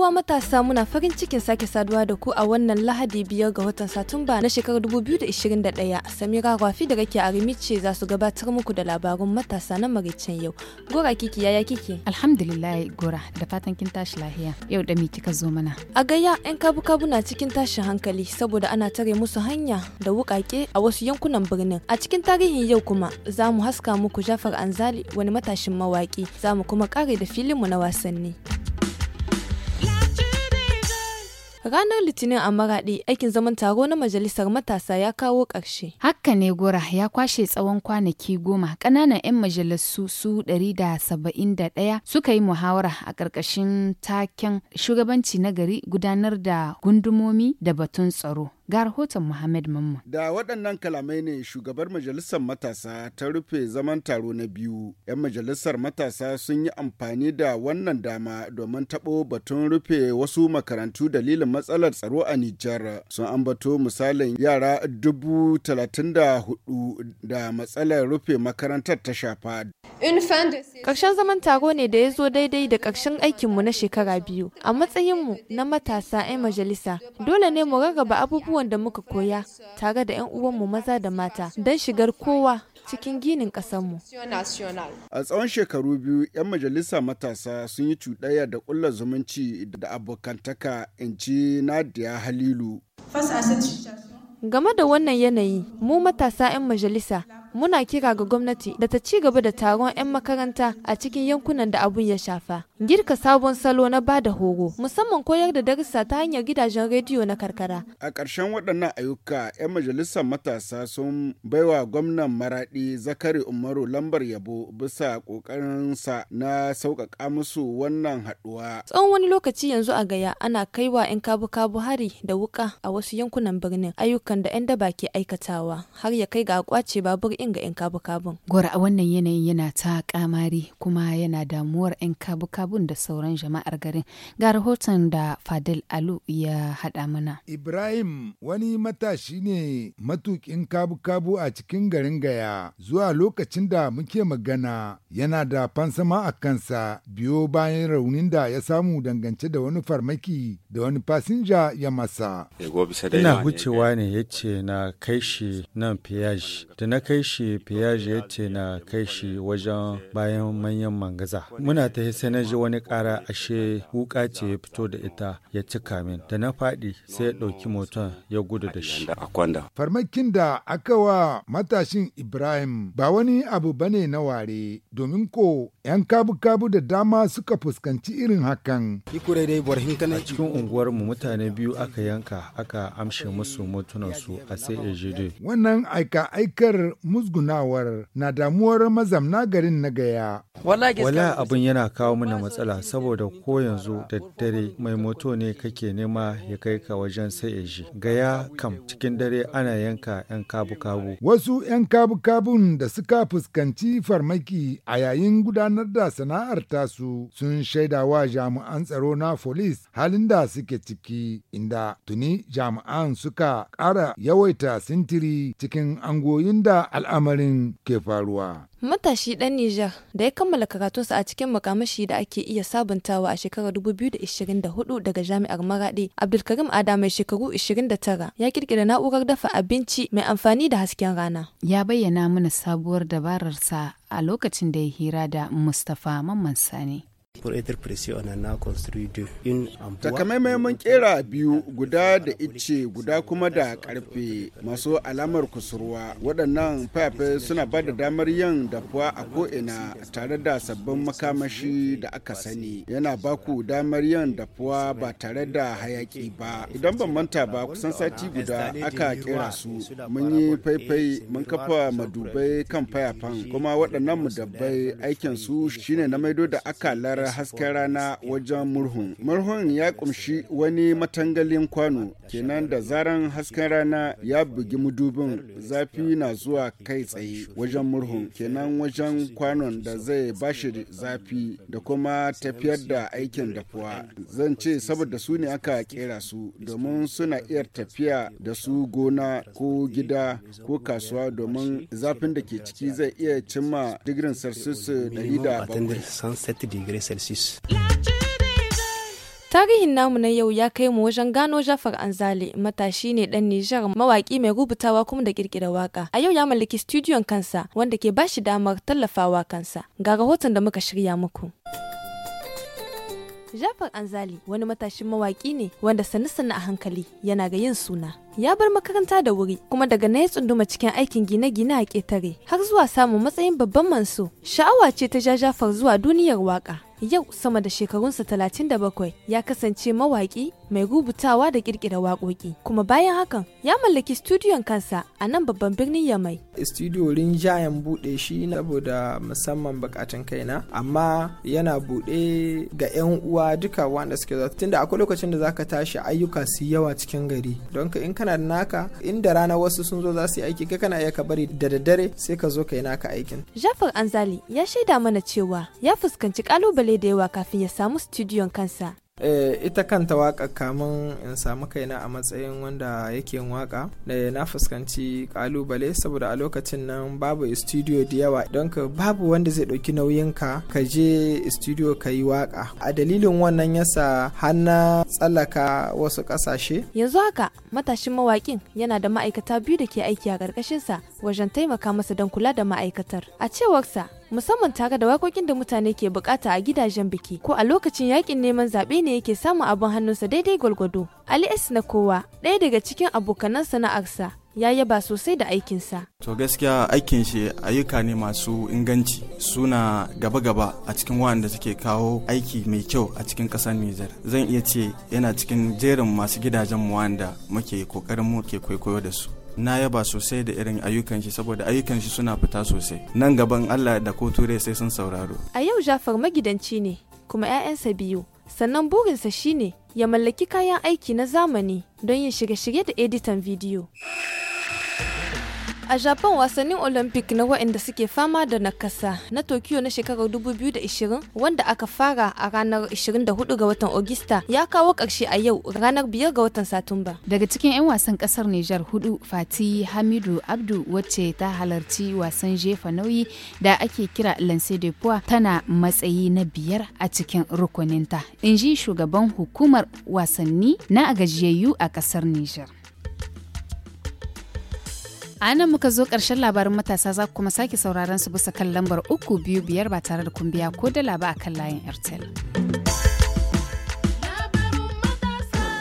uwa matasa muna farin cikin sake saduwa da ku a wannan Lahadi biyar ga watan Satumba na shekarar 2021. Samira Rafi da rake Arimi ce za su gabatar muku da labarun matasa na maricen yau. Gora kiki yaya kiki? Alhamdulillah Gora da fatan kin tashi lahiya. Yau da mi kika zo mana? A gaya 'yan kabu-kabu na cikin tashin hankali saboda ana tare musu hanya da wukake a wasu yankunan birnin. A cikin tarihin yau kuma za mu haska muku Jafar Anzali wani matashin mawaki. Za mu kuma kare da filin mu na wasanni. Ranar Litinin a Maraɗi aikin zaman taro na Majalisar Matasa ya kawo ƙarshe. Haka ne gora ya kwashe tsawon kwanaki goma ƙananan 'yan majalisu su 171 suka yi muhawara a ƙarƙashin taken shugabanci nagari gudanar da gundumomi da batun tsaro. ga rahoton Muhammad Mamma. Da waɗannan kalamai ne shugabar majalisar matasa ta rufe zaman taro na biyu. 'Yan majalisar matasa sun yi amfani da wannan dama domin taɓo batun rufe wasu makarantu dalilin matsalar tsaro a Nijar. Sun ambato misalin yara dubu talatin da hudu da matsalar rufe makarantar ta shafa. Ƙarshen zaman taro ne da ya zo daidai da ƙarshen aikinmu na shekara biyu. A matsayinmu na matasa 'yan majalisa, dole ne mu rarraba abubuwan abubuwan da muka koya tare da 'yan uwanmu maza da mata don shigar kowa cikin ginin ƙasarmu. A tsawon shekaru biyu, 'yan majalisa matasa sun yi cuɗaya da ƙulla zumunci da abokantaka in ci Nadia Halilu. Game da wannan yanayi, mu matasa 'yan majalisa muna kira ga gwamnati da ta ci gaba da taron 'yan makaranta a cikin yankunan da abun ya shafa. Girka sabon salo na ba da horo, musamman koyar da darussa ta hanyar gidajen rediyo na karkara. A ƙarshen waɗannan ayyuka, 'yan majalisar matasa sun baiwa gwamnan Maraɗi Zakari Umaru lambar yabo bisa ƙoƙarinsa na sauƙaƙa musu wannan haɗuwa. Tsawon wani lokaci yanzu a gaya ana kaiwa 'yan kabu-kabu hari da wuƙa a wasu yankunan birnin ayyukan da 'yan daba ke aikatawa har ya kai ga kwace babur inga 'yan kabu-kabun. Gwara a wannan yanayin yana ta kamari kuma yana damuwar 'yan kabu-kabun da sauran jama'ar garin. Ga rahoton da Fadil Alu ya haɗa mana. Ibrahim wani matashi ne matukin kabu-kabu a cikin garin Gaya zuwa lokacin da muke magana yana da fansama a kansa biyo bayan raunin da ya samu dangance da wani farmaki da wani fasinja ya masa. Ina wucewa ne ya ce na kai shi nan fiyaji da na kai shi Piaget ya na kai shi wajen bayan manyan mangaza. Muna ta sai na ji wani kara ashe wuka ce ya fito da ita ya ci kamin Da na faɗi sai ya ɗauki moton ya gudu da shi. Farmakin da aka wa matashin Ibrahim ba wani abu bane na ware domin ko 'yan kabu-kabu da dama suka fuskanci irin hakan. A cikin unguwarmu mutane biyu aka yanka aka amshe musu su a sai Ejide. Wannan aika-aikar mu musgunawar na damuwar mazamna garin na gaya. Wala abin yana kawo mana matsala saboda ko yanzu da dare mai moto ne kake nema ya kai ka wajen sai ya ji. Gaya kam cikin dare ana yanka 'yan kabu-kabu. Wasu 'yan kabu-kabun da suka fuskanci farmaki a yayin gudanar da sana'ar tasu sun shaidawa jami'an tsaro na folis halin da suke ciki inda tuni jami'an suka ƙara yawaita sintiri cikin angoyin da al al'amarin ke faruwa. Matashi ɗan Nijar da ya kammala karatunsa a cikin makamashi da ake iya sabuntawa a shekarar 2024 daga Jami'ar Maraɗi, Abdulkarim Ada mai shekaru 29 ya kirkira na'urar dafa abinci mai amfani da hasken rana. Ya bayyana mana sabuwar dabararsa a lokacin da ya hira da Mustapha Mamman Sani. Takamaimai mun kera biyu guda da ice guda kuma da karfe masu alamar kusurwa waɗannan fayafe suna ba da damar yin dafuwa a ko'ina tare da sabbin makamashi da aka sani yana baku damar yin dafuwa ba tare da hayaki ba idan ban manta ba kusan sati guda aka kera su mun yi faifai mun kafa madubai kan fayafan kuma waɗannan mudabbai aikin su shine na maido da akalar ƙara hasken rana wajen murhun. Murhun ya kumshi wani matangalin kwano kenan da zaran hasken rana ya bugi mudubin zafi na zuwa kai tsaye wajen murhun kenan wajen kwanon da zai bashi zafi da kuma tafiyar da aikin dafuwa. Zan ce saboda su ne aka kera su domin suna iya tafiya da su gona ko gida ko kasuwa domin zafin da ke ciki zai iya cimma digirin celsius 107 celsius Tarihin namu na yau ya kai mu wajen gano Jafar Anzali matashi ne dan Nijar mawaki mai rubutawa kuma da kirkira waka. A yau ya mallaki studion kansa wanda ke bashi damar tallafawa kansa. Ga rahoton da muka shirya muku. Jafar Anzali wani matashin mawaki ne wanda sani sani a hankali yana ga yin suna. ya bar makaranta da wuri kuma daga na ya tsunduma cikin aikin gine-gine a ƙetare har zuwa samun matsayin babban manso sha'awa ce ta jajafar zuwa duniyar waka yau sama da shekarunsa talatin da bakwai ya kasance mawaƙi mai rubutawa da kirkira waƙoƙi kuma bayan hakan ya mallaki studiyon kansa a nan babban birnin yamai studio jayan buɗe shi saboda musamman bukatun kaina amma yana buɗe ga 'yan uwa duka wanda suke zuwa tunda akwai lokacin da zaka tashi ayyuka su yawa cikin gari don ka in kana da naka inda rana wasu sun zo za su yi aiki ka kana iya ka bari da daddare sai ka zo ka yi naka aikin. Jafar Anzali ya shaida mana cewa ya fuskanci kalubale da yawa kafin ya samu studiyon kansa. Eh, ita kanta waka kamun in samu kaina a matsayin wanda yake yin waka da eh, na fuskanci kalubale saboda a lokacin nan babu studio da yawa don ka babu wanda zai ɗauki nauyin ka ka je studio ka yi waka a dalilin wannan yasa hana tsallaka wasu ƙasashe yanzu haka matashin mawakin yana da ma'aikata biyu da ke aiki a ƙarƙashinsa wajen taimaka masa don kula da ma'aikatar a cewarsa musamman tare da wakokin da mutane ke bukata a gidajen biki ko a lokacin yakin neman zaɓe ne yake samun abin hannunsa daidai gwalgwado. Ali S na kowa ɗaya daga cikin abokanan sana'arsa ya yaba sosai da aikinsa. To gaskiya aikin shi ayyuka ne masu inganci suna gaba-gaba a cikin waɗanda suke kawo aiki mai kyau a cikin ƙasar Nijar. Zan iya ce yana cikin jerin masu gidajen mu waɗanda muke ƙoƙarin mu ke kwaikwayo da su. na yaba sosai da irin ayyukan shi saboda ayyukan shi suna fita sosai nan gaban Allah da ko ture sai sun sauraro a yau Jafar magidanci ne kuma 'ya'yansa biyu sannan burinsa shine ya mallaki kayan aiki na zamani don yin shirye-shirye da editan bidiyo. A Japan wasannin Olympic na waɗanda suke fama da nakasa na Tokyo na shekarar 2020 wanda aka fara a ranar 24 ga watan Ogista ya kawo ƙarshe a yau ranar 5 ga watan Satumba. Daga cikin 'yan wasan ƙasar Nijar hudu Fati Hamidu Abdu wacce ta halarci wasan jefa nauyi da ake kira Lance de Poix tana matsayi na biyar a cikin rukuninta. In ji shugaban hukumar wasanni na gajiyayyu a ƙasar Nijar. A nan muka zo ƙarshen labarin matasa za ku kuma sake sauraron su bisa kan lambar uku biyu biyar ba tare da kumbiya ko dala ba a kan layin Airtel.